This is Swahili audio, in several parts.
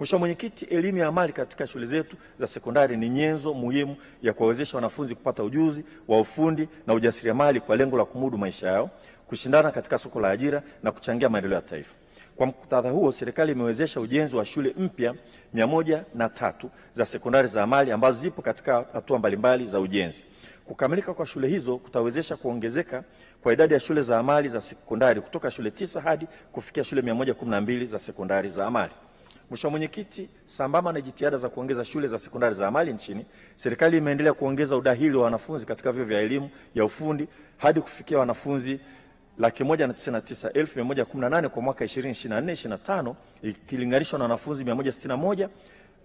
Mheshimiwa Mwenyekiti, elimu ya amali katika shule zetu za sekondari ni nyenzo muhimu ya kuwawezesha wanafunzi kupata ujuzi wa ufundi na ujasiriamali kwa lengo la kumudu maisha yao, kushindana katika soko la ajira na kuchangia maendeleo ya taifa. Kwa muktadha huo, serikali imewezesha ujenzi wa shule mpya mia moja na tatu za sekondari za amali ambazo zipo katika hatua mbalimbali za ujenzi. Kukamilika kwa shule hizo kutawezesha kuongezeka kwa idadi ya shule za amali za sekondari kutoka shule tisa hadi kufikia shule 112 za sekondari za amali. Mheshimiwa Mwenyekiti, sambamba na jitihada za kuongeza shule za sekondari za amali nchini, serikali imeendelea kuongeza udahili wa wanafunzi katika vyuo vya elimu ya ufundi hadi kufikia wanafunzi laki moja na tisini na tisa elfu mia moja kumi na nane kwa mwaka ishirini 2024 tano ikilinganishwa na wanafunzi moja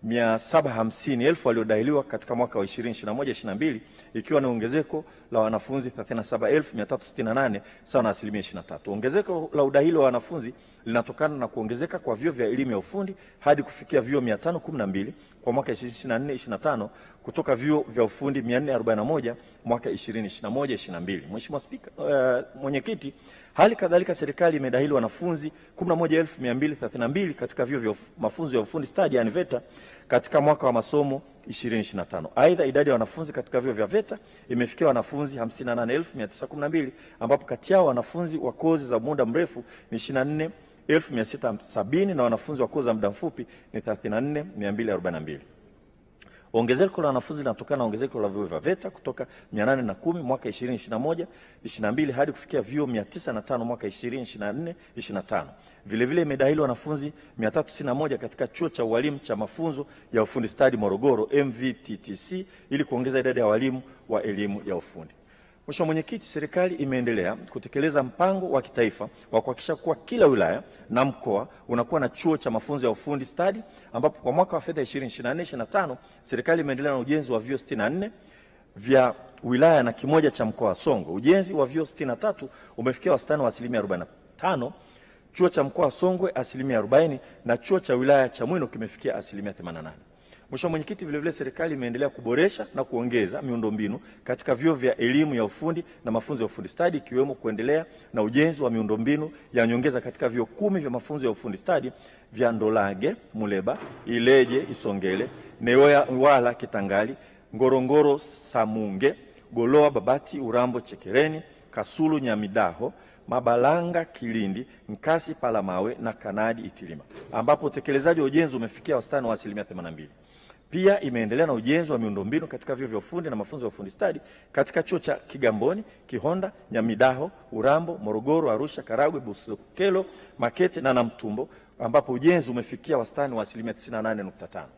mia saba hamsini elfu waliodahiliwa katika mwaka wa ishirini moja 2021 mbili ikiwa ni ongezeko la wanafunzi nane sawa na asilimia tatu. Ongezeko la udahili wa wanafunzi linatokana na kuongezeka kwa vyuo vya elimu ya ufundi hadi kufikia vyuo mbili kwa mwaka ishirini 2024 tano kutoka vyuo vya ufundi mia moja mwaka ishirini moja 2021 22. Mheshimiwa Spika, uh, mwenyekiti, Hali kadhalika serikali imedahili wanafunzi 11232 katika vyuo vya mafunzo ya ufundi stadi yani VETA katika mwaka wa masomo 2025. Aidha, idadi ya wanafunzi katika vyuo vya VETA imefikia wanafunzi 58912 ambapo kati yao wanafunzi wa kozi za muda mrefu ni 24670 na wanafunzi wa kozi za muda mfupi ni 34242. Ongezeko la wanafunzi linatokana na ongezeko la vyuo vya VETA kutoka 810 mwaka 2021 22 hadi kufikia vyuo 905 mwaka 2024 25. Vilevile imedahili wanafunzi 391 katika chuo cha ualimu cha mafunzo ya ufundi stadi Morogoro MVTTC ili kuongeza idadi ya walimu wa elimu ya ufundi. Mheshimiwa Mwenyekiti, serikali imeendelea kutekeleza mpango wa kitaifa wa kuhakikisha kuwa kila wilaya na mkoa unakuwa na chuo cha mafunzo ya ufundi stadi, ambapo kwa mwaka wa fedha 2024/2025 serikali imeendelea na ujenzi wa vyuo 64 vya wilaya na kimoja cha mkoa wa Songwe. Ujenzi wa vyuo 63 umefikia wastani wa asilimia 45, chuo cha mkoa wa Songwe asilimia 40 na chuo cha wilaya cha mwino kimefikia asilimia 88. Mheshimiwa Mwenyekiti, vilevile serikali imeendelea kuboresha na kuongeza miundombinu katika vyuo vya elimu ya ufundi na mafunzo ya ufundi stadi ikiwemo kuendelea na ujenzi wa miundombinu ya nyongeza katika vyuo kumi vya mafunzo ya ufundi stadi vya Ndolage, Muleba, Ileje, Isongele, Neoya, Wala, Kitangali, Ngorongoro, Samunge, Goloa, Babati, Urambo, Chekereni Kasulu Nyamidaho, Mabalanga Kilindi, Nkasi Palamawe na Kanadi Itilima, ambapo utekelezaji wa ujenzi umefikia wastani wa asilimia 82. Pia imeendelea na ujenzi wa miundombinu katika vyuo vya ufundi na mafunzo ya ufundi stadi katika chuo cha Kigamboni, Kihonda, Nyamidaho, Urambo, Morogoro, Arusha, Karagwe, Busokelo, Makete na Namtumbo, ambapo ujenzi umefikia wastani wa asilimia 98.5.